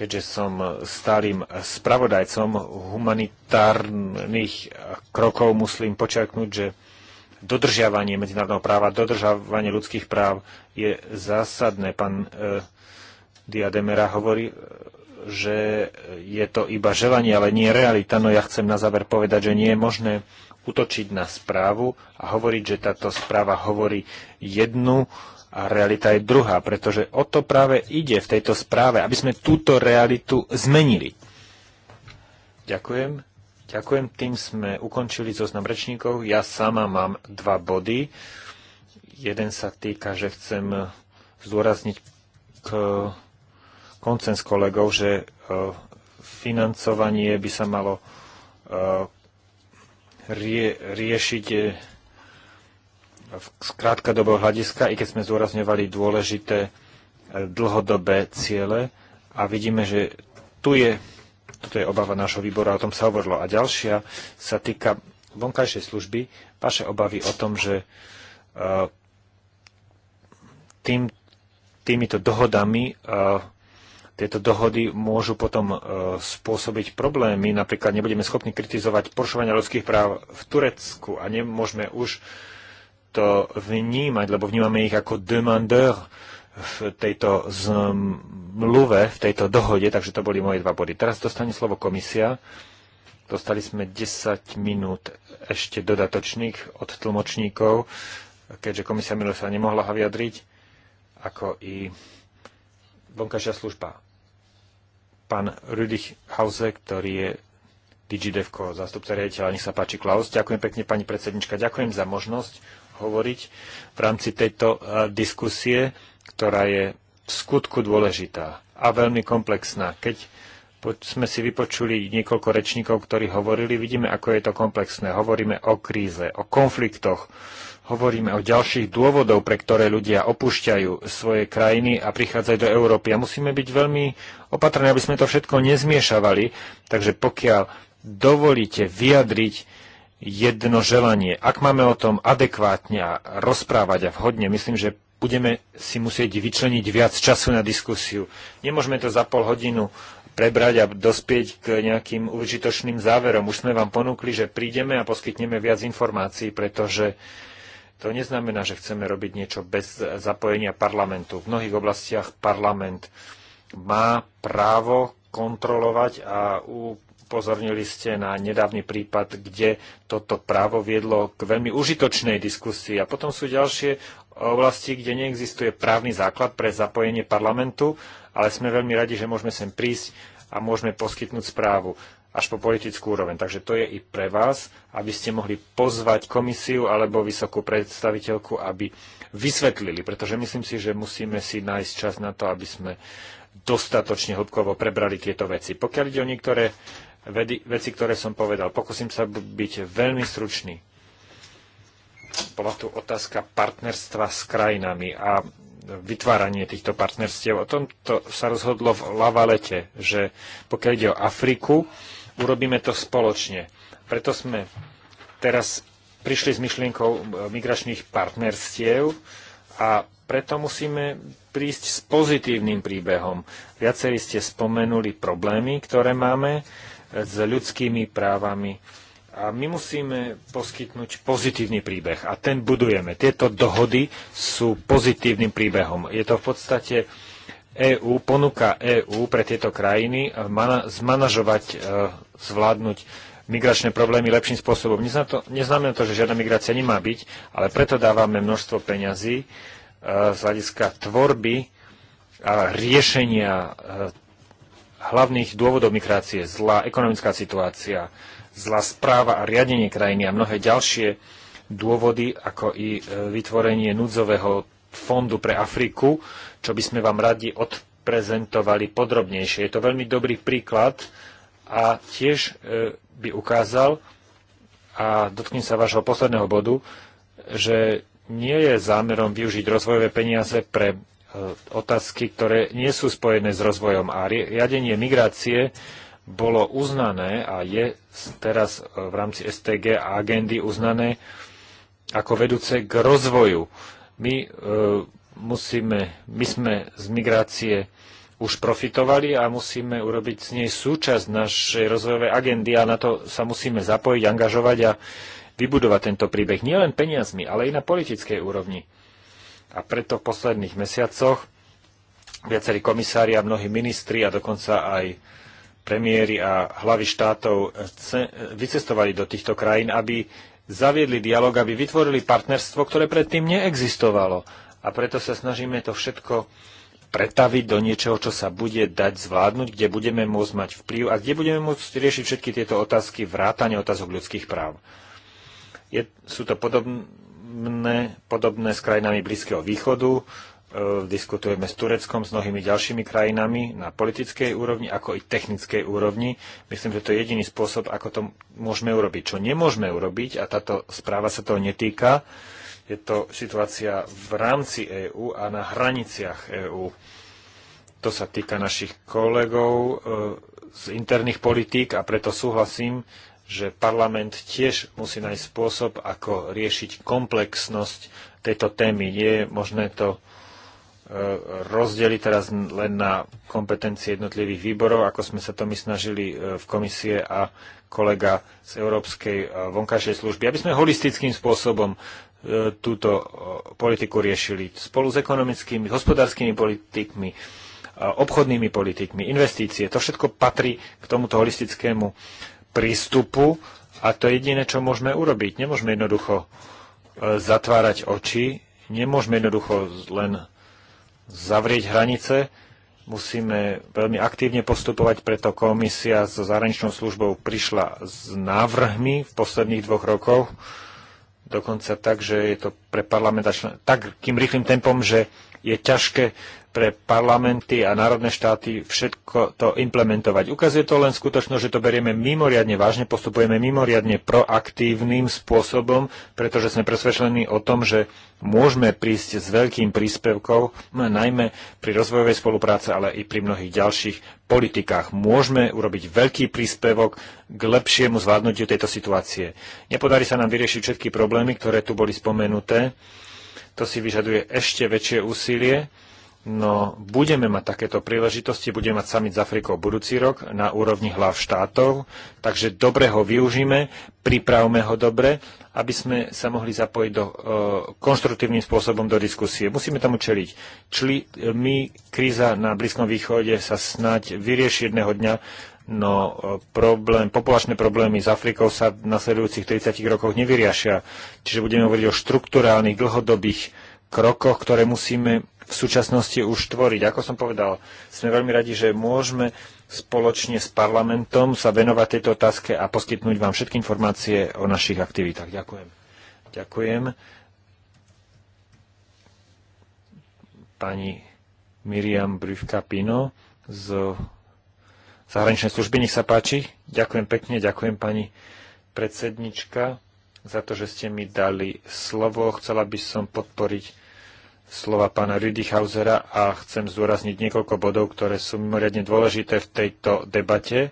keďže som stálym spravodajcom humanitárnych krokov, musím počiarknúť, že dodržiavanie medzinárodného práva, dodržiavanie ľudských práv je zásadné. Pán e, Diademera hovorí, e, že je to iba želanie, ale nie realita. No ja chcem na záver povedať, že nie je možné útočiť na správu a hovoriť, že táto správa hovorí jednu a realita je druhá, pretože o to práve ide v tejto správe, aby sme túto realitu zmenili. Ďakujem. Ďakujem, tým sme ukončili zoznam rečníkov. Ja sama mám dva body. Jeden sa týka, že chcem zdôrazniť k s kolegov, že e, financovanie by sa malo e, rie, riešiť e, z krátkodobého hľadiska, i keď sme zúrazňovali dôležité e, dlhodobé ciele a vidíme, že tu je, toto je obava nášho výboru, o tom sa hovorilo. A ďalšia sa týka vonkajšej služby, vaše obavy o tom, že e, tým, týmito dohodami e, tieto dohody môžu potom spôsobiť problémy. Napríklad nebudeme schopní kritizovať porušovanie ľudských práv v Turecku a nemôžeme už to vnímať, lebo vnímame ich ako demandeur v tejto zmluve, v tejto dohode, takže to boli moje dva body. Teraz dostane slovo komisia. Dostali sme 10 minút ešte dodatočných od tlmočníkov, keďže komisia minule sa nemohla vyjadriť, ako i vonkajšia služba. Pán Rudich Hause, ktorý je DigiDevko, zástupca riaditeľa, nech sa páči Klaus. Ďakujem pekne, pani predsednička, ďakujem za možnosť hovoriť v rámci tejto diskusie, ktorá je v skutku dôležitá a veľmi komplexná. Keď sme si vypočuli niekoľko rečníkov, ktorí hovorili, vidíme, ako je to komplexné. Hovoríme o kríze, o konfliktoch, hovoríme o ďalších dôvodov, pre ktoré ľudia opúšťajú svoje krajiny a prichádzajú do Európy. A musíme byť veľmi opatrní, aby sme to všetko nezmiešavali. Takže pokiaľ dovolíte vyjadriť jedno želanie. Ak máme o tom adekvátne a rozprávať a vhodne, myslím, že budeme si musieť vyčleniť viac času na diskusiu. Nemôžeme to za pol hodinu prebrať a dospieť k nejakým užitočným záverom. Už sme vám ponúkli, že prídeme a poskytneme viac informácií, pretože to neznamená, že chceme robiť niečo bez zapojenia parlamentu. V mnohých oblastiach parlament má právo kontrolovať a upozornili ste na nedávny prípad, kde toto právo viedlo k veľmi užitočnej diskusii. A potom sú ďalšie oblasti, kde neexistuje právny základ pre zapojenie parlamentu, ale sme veľmi radi, že môžeme sem prísť a môžeme poskytnúť správu až po politickú úroveň. Takže to je i pre vás, aby ste mohli pozvať komisiu alebo vysokú predstaviteľku, aby vysvetlili, pretože myslím si, že musíme si nájsť čas na to, aby sme dostatočne hĺbkovo prebrali tieto veci. Pokiaľ ide o niektoré vedy, veci, ktoré som povedal. Pokúsim sa byť veľmi stručný. Bola tu otázka partnerstva s krajinami a vytváranie týchto partnerstiev. O tomto sa rozhodlo v Lavalete, že pokiaľ ide o Afriku, urobíme to spoločne. Preto sme teraz prišli s myšlienkou e, migračných partnerstiev a preto musíme prísť s pozitívnym príbehom. Viacerí ste spomenuli problémy, ktoré máme s ľudskými právami. A my musíme poskytnúť pozitívny príbeh a ten budujeme. Tieto dohody sú pozitívnym príbehom. Je to v podstate EÚ, ponuka EÚ pre tieto krajiny eh, zmanažovať, eh, zvládnuť migračné problémy lepším spôsobom. Neznamená to, že žiadna migrácia nemá byť, ale preto dávame množstvo peňazí eh, z hľadiska tvorby a riešenia hlavných dôvodov migrácie, zlá ekonomická situácia, zlá správa a riadenie krajiny a mnohé ďalšie dôvody, ako i e, vytvorenie núdzového fondu pre Afriku, čo by sme vám radi odprezentovali podrobnejšie. Je to veľmi dobrý príklad a tiež e, by ukázal, a dotknem sa vášho posledného bodu, že nie je zámerom využiť rozvojové peniaze pre E, otázky, ktoré nie sú spojené s rozvojom. A riadenie migrácie bolo uznané a je teraz e, v rámci STG a agendy uznané ako vedúce k rozvoju. My e, musíme, my sme z migrácie už profitovali a musíme urobiť z nej súčasť našej rozvojovej agendy a na to sa musíme zapojiť, angažovať a vybudovať tento príbeh nielen peniazmi, ale i na politickej úrovni. A preto v posledných mesiacoch viacerí komisári a mnohí ministri a dokonca aj premiéry a hlavy štátov vycestovali do týchto krajín, aby zaviedli dialog, aby vytvorili partnerstvo, ktoré predtým neexistovalo. A preto sa snažíme to všetko pretaviť do niečoho, čo sa bude dať zvládnuť, kde budeme môcť mať vplyv a kde budeme môcť riešiť všetky tieto otázky vrátane otázok ľudských práv. Je, sú to podobné podobné, podobné s krajinami Blízkeho východu. E, diskutujeme s Tureckom, s mnohými ďalšími krajinami na politickej úrovni, ako i technickej úrovni. Myslím, že to je jediný spôsob, ako to môžeme urobiť. Čo nemôžeme urobiť, a táto správa sa toho netýka, je to situácia v rámci EÚ a na hraniciach EÚ. To sa týka našich kolegov e, z interných politík a preto súhlasím že parlament tiež musí nájsť spôsob, ako riešiť komplexnosť tejto témy. Nie je možné to e, rozdeliť teraz len na kompetencie jednotlivých výborov, ako sme sa to my snažili e, v komisie a kolega z Európskej e, vonkajšej služby, aby sme holistickým spôsobom túto politiku riešili spolu s ekonomickými, hospodárskymi politikmi, obchodnými politikmi, investície. To všetko patrí k tomuto holistickému prístupu a to je jediné, čo môžeme urobiť. Nemôžeme jednoducho e, zatvárať oči, nemôžeme jednoducho len zavrieť hranice, musíme veľmi aktívne postupovať, preto komisia so zahraničnou službou prišla s návrhmi v posledných dvoch rokoch, dokonca tak, že je to pre parlament tak tým rýchlým tempom, že je ťažké pre parlamenty a národné štáty všetko to implementovať. Ukazuje to len skutočnosť, že to berieme mimoriadne vážne, postupujeme mimoriadne proaktívnym spôsobom, pretože sme presvedčení o tom, že môžeme prísť s veľkým príspevkom, no najmä pri rozvojovej spolupráce, ale i pri mnohých ďalších politikách. Môžeme urobiť veľký príspevok k lepšiemu zvládnutiu tejto situácie. Nepodarí sa nám vyriešiť všetky problémy, ktoré tu boli spomenuté. To si vyžaduje ešte väčšie úsilie No, budeme mať takéto príležitosti, budeme mať summit s Afrikou budúci rok na úrovni hlav štátov, takže dobre ho využíme, pripravme ho dobre, aby sme sa mohli zapojiť do, e, konštruktívnym spôsobom do diskusie. Musíme tomu čeliť. Čli, my, kríza na Blízkom východe sa snať vyrieši jedného dňa, no e, problém, populačné problémy s Afrikou sa v nasledujúcich 30 rokoch nevyriašia, Čiže budeme hovoriť o štruktúrálnych, dlhodobých krokoch, ktoré musíme v súčasnosti už tvoriť. Ako som povedal, sme veľmi radi, že môžeme spoločne s parlamentom sa venovať tejto otázke a poskytnúť vám všetky informácie o našich aktivitách. Ďakujem. Ďakujem. Pani Miriam brivka pino z zahraničnej služby. Nech sa páči. Ďakujem pekne, ďakujem pani predsednička za to, že ste mi dali slovo. Chcela by som podporiť slova pána Rüdichausera a chcem zdôrazniť niekoľko bodov, ktoré sú mimoriadne dôležité v tejto debate e,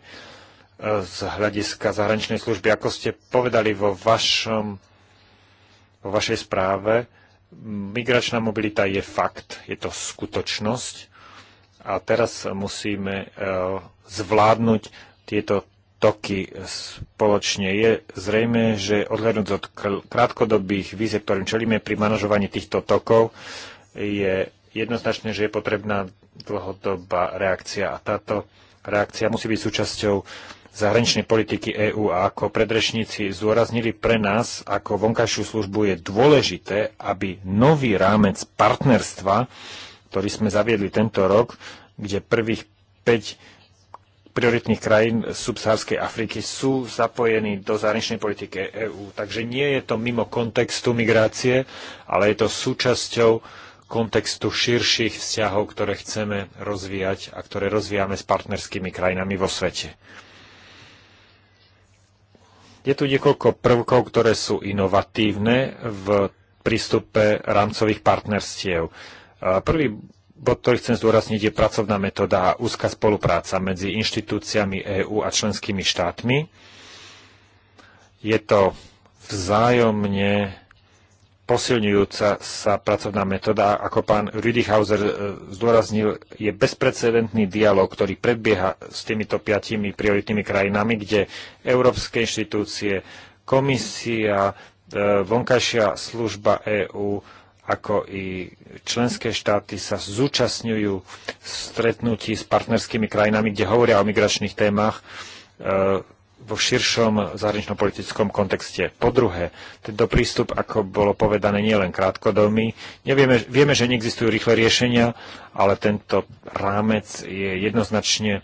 z hľadiska zahraničnej služby. Ako ste povedali vo, vašom, vo vašej správe, migračná mobilita je fakt, je to skutočnosť a teraz musíme e, zvládnuť tieto toky spoločne. Je zrejme, že odhľadnúť od krátkodobých výzev, ktorým čelíme pri manažovaní týchto tokov, je jednoznačné, že je potrebná dlhodobá reakcia a táto reakcia musí byť súčasťou zahraničnej politiky EÚ a ako predrečníci zdôraznili pre nás ako vonkajšiu službu je dôležité, aby nový rámec partnerstva, ktorý sme zaviedli tento rok, kde prvých 5 prioritných krajín subsaharskej Afriky sú zapojení do zahraničnej politiky EÚ. Takže nie je to mimo kontextu migrácie, ale je to súčasťou kontextu širších vzťahov, ktoré chceme rozvíjať a ktoré rozvíjame s partnerskými krajinami vo svete. Je tu niekoľko prvkov, ktoré sú inovatívne v prístupe rámcových partnerstiev. Prvý bod, ktorý chcem zdôrazniť, je pracovná metóda a úzka spolupráca medzi inštitúciami EÚ a členskými štátmi. Je to vzájomne posilňujúca sa pracovná metóda, ako pán Rüdighauser e, zdôraznil, je bezprecedentný dialog, ktorý predbieha s týmito piatimi prioritnými krajinami, kde európske inštitúcie, komisia, e, vonkajšia služba EÚ, ako i členské štáty sa zúčastňujú v stretnutí s partnerskými krajinami, kde hovoria o migračných témach e, vo širšom zahranično-politickom kontexte. Po druhé, tento prístup, ako bolo povedané, nie len krátkodomý. Nevieme, vieme, že neexistujú rýchle riešenia, ale tento rámec je jednoznačne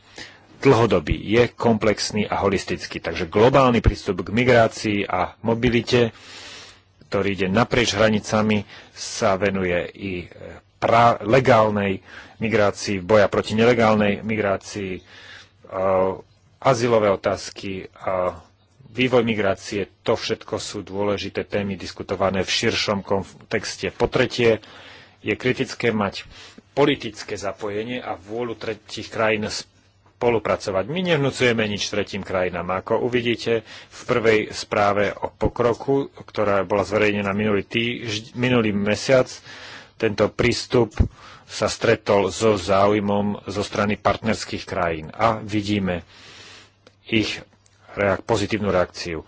dlhodobý, je komplexný a holistický. Takže globálny prístup k migrácii a mobilite ktorý ide naprieč hranicami, sa venuje i e, pra- legálnej migrácii, boja proti nelegálnej migrácii, e, azylové otázky, vývoj migrácie, to všetko sú dôležité témy diskutované v širšom kontexte. Po tretie, je kritické mať politické zapojenie a vôľu tretich krajín spolupracovať. My nevnúcujeme nič tretím krajinám. Ako uvidíte v prvej správe o pokroku, ktorá bola zverejnená minulý, týž, minulý mesiac, tento prístup sa stretol so záujmom zo strany partnerských krajín a vidíme ich reak- pozitívnu reakciu.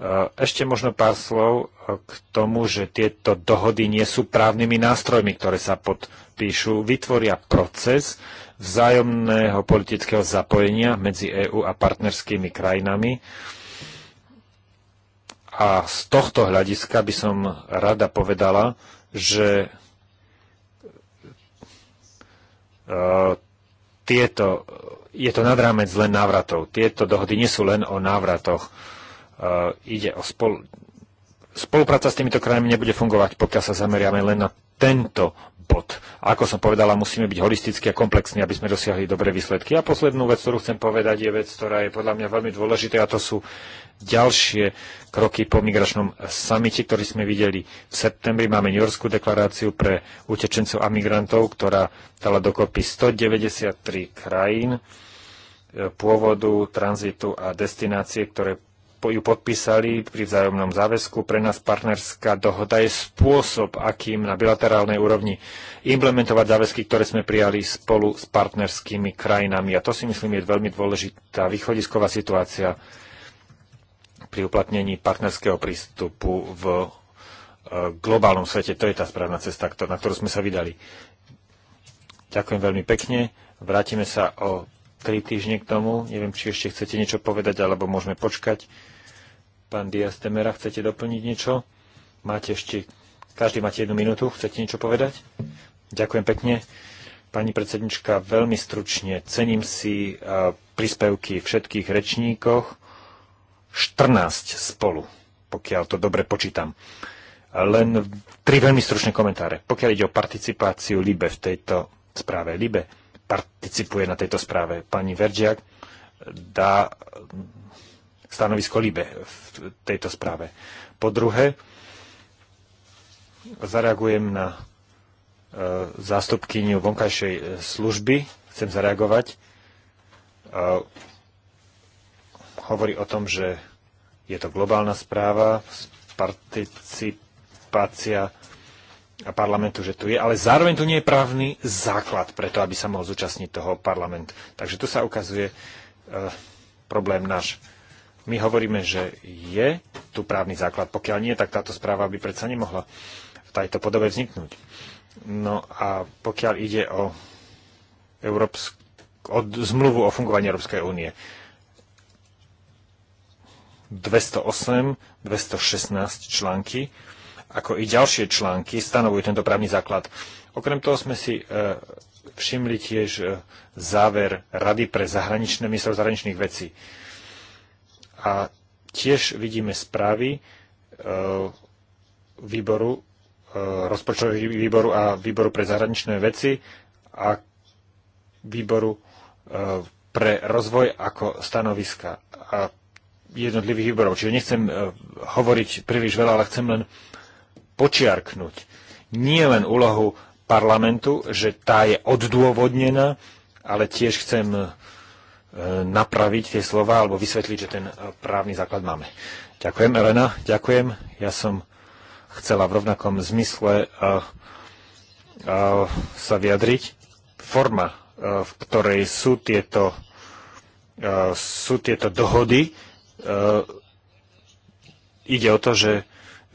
Eh, ešte možno pár slov eh, k tomu, že tieto dohody nie sú právnymi nástrojmi, ktoré sa podpíšu, vytvoria proces vzájomného politického zapojenia medzi EÚ a partnerskými krajinami. A z tohto hľadiska by som rada povedala, že eh, tieto, je to nad rámec len návratov. Tieto dohody nie sú len o návratoch E, ide o spol- spolupráca s týmito krajinami nebude fungovať, pokiaľ sa zameriame len na tento bod. A ako som povedala, musíme byť holistickí a komplexní, aby sme dosiahli dobré výsledky. A poslednú vec, ktorú chcem povedať, je vec, ktorá je podľa mňa veľmi dôležitá a to sú ďalšie kroky po migračnom samite, ktorý sme videli v septembri. Máme New Yorkskú deklaráciu pre utečencov a migrantov, ktorá dala dokopy 193 krajín e, pôvodu, tranzitu a destinácie, ktoré ju podpísali pri vzájomnom záväzku. Pre nás partnerská dohoda je spôsob, akým na bilaterálnej úrovni implementovať záväzky, ktoré sme prijali spolu s partnerskými krajinami. A to si myslím je veľmi dôležitá východisková situácia pri uplatnení partnerského prístupu v e, globálnom svete. To je tá správna cesta, na ktorú sme sa vydali. Ďakujem veľmi pekne. Vrátime sa o tri týždne k tomu. Neviem, či ešte chcete niečo povedať, alebo môžeme počkať. Pán Diaz Temera, chcete doplniť niečo? Máte ešte, každý máte jednu minútu, chcete niečo povedať? Ďakujem pekne. Pani predsednička, veľmi stručne cením si príspevky všetkých rečníkoch. 14 spolu, pokiaľ to dobre počítam. Len tri veľmi stručné komentáre. Pokiaľ ide o participáciu Libe v tejto správe. Libe participuje na tejto správe. Pani Verdiak dá stanovisko Libe v tejto správe. Po druhé, zareagujem na e, zástupkyniu vonkajšej e, služby. Chcem zareagovať. E, hovorí o tom, že je to globálna správa, participácia a parlamentu, že tu je, ale zároveň tu nie je právny základ preto, aby sa mohol zúčastniť toho parlament. Takže tu sa ukazuje e, problém náš. My hovoríme, že je tu právny základ. Pokiaľ nie, tak táto správa by predsa nemohla v tejto podobe vzniknúť. No a pokiaľ ide o, Európsk- o zmluvu o fungovaní Európskej únie, 208, 216 články, ako i ďalšie články stanovujú tento právny základ. Okrem toho sme si e, všimli tiež e, záver Rady pre zahraničné ministrov zahraničných vecí. A tiež vidíme správy e, výboru, e, rozpočtového výboru a výboru pre zahraničné veci a výboru e, pre rozvoj ako stanoviska a jednotlivých výborov. Čiže nechcem e, hovoriť príliš veľa, ale chcem len počiarknúť nie len úlohu parlamentu, že tá je oddôvodnená, ale tiež chcem E, napraviť tie slova alebo vysvetliť, že ten e, právny základ máme. Ďakujem, Elena, ďakujem. Ja som chcela v rovnakom zmysle uh, uh, sa vyjadriť. Forma, uh, v ktorej sú tieto, uh, sú tieto dohody, uh, ide o to, že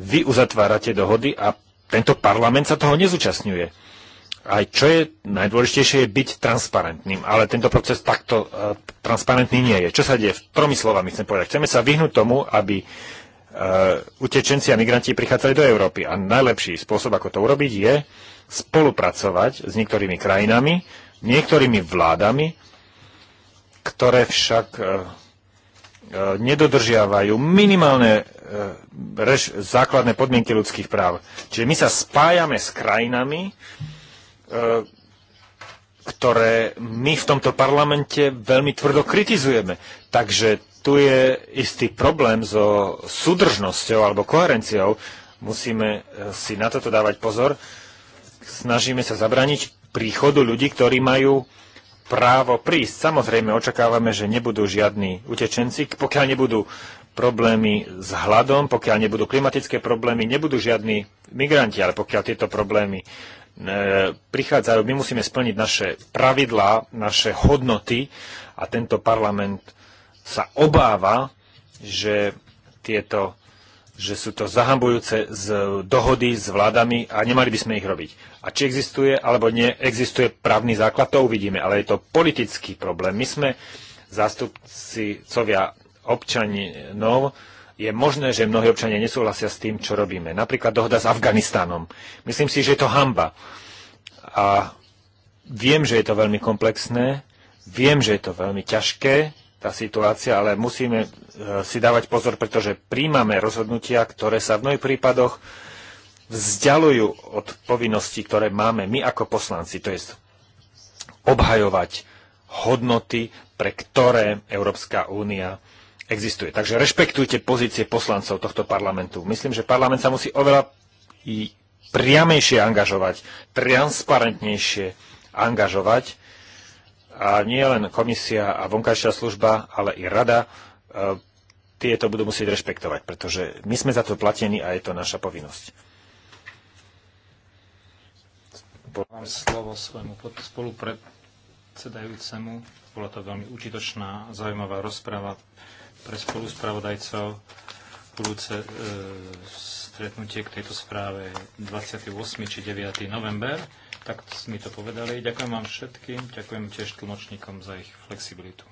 vy uzatvárate dohody a tento parlament sa toho nezúčastňuje aj čo je najdôležitejšie, je byť transparentným. Ale tento proces takto uh, transparentný nie je. Čo sa deje? Tromi slovami chcem povedať. Chceme sa vyhnúť tomu, aby uh, utečenci a migranti prichádzali do Európy. A najlepší spôsob, ako to urobiť, je spolupracovať s niektorými krajinami, niektorými vládami, ktoré však uh, nedodržiavajú minimálne reš, základné podmienky ľudských práv. Čiže my sa spájame s krajinami, E, ktoré my v tomto parlamente veľmi tvrdo kritizujeme. Takže tu je istý problém so súdržnosťou alebo koherenciou. Musíme e, si na toto dávať pozor. Snažíme sa zabraniť príchodu ľudí, ktorí majú právo prísť. Samozrejme, očakávame, že nebudú žiadni utečenci, pokiaľ nebudú problémy s hladom, pokiaľ nebudú klimatické problémy, nebudú žiadni migranti, ale pokiaľ tieto problémy E, prichádzajú, my musíme splniť naše pravidlá, naše hodnoty a tento parlament sa obáva, že tieto že sú to zahambujúce z dohody s vládami a nemali by sme ich robiť. A či existuje alebo neexistuje právny základ, to uvidíme, ale je to politický problém. My sme zástupcovia občanov, je možné, že mnohí občania nesúhlasia s tým, čo robíme. Napríklad dohoda s Afganistánom. Myslím si, že je to hamba. A viem, že je to veľmi komplexné, viem, že je to veľmi ťažké, tá situácia, ale musíme e, si dávať pozor, pretože príjmame rozhodnutia, ktoré sa v mnohých prípadoch vzdialujú od povinností, ktoré máme my ako poslanci, to je obhajovať hodnoty, pre ktoré Európska únia existuje. Takže rešpektujte pozície poslancov tohto parlamentu. Myslím, že parlament sa musí oveľa priamejšie angažovať, transparentnejšie angažovať a nie len komisia a vonkajšia služba, ale i rada e, tieto budú musieť rešpektovať, pretože my sme za to platení a je to naša povinnosť. Dám slovo svojmu spolupredsedajúcemu. Bola to veľmi užitočná, zaujímavá rozpráva pre spoluspravodajcov. Budúce e, stretnutie k tejto správe 28. či 9. november. Tak mi to povedali. Ďakujem vám všetkým, ďakujem tiež tlmočníkom za ich flexibilitu.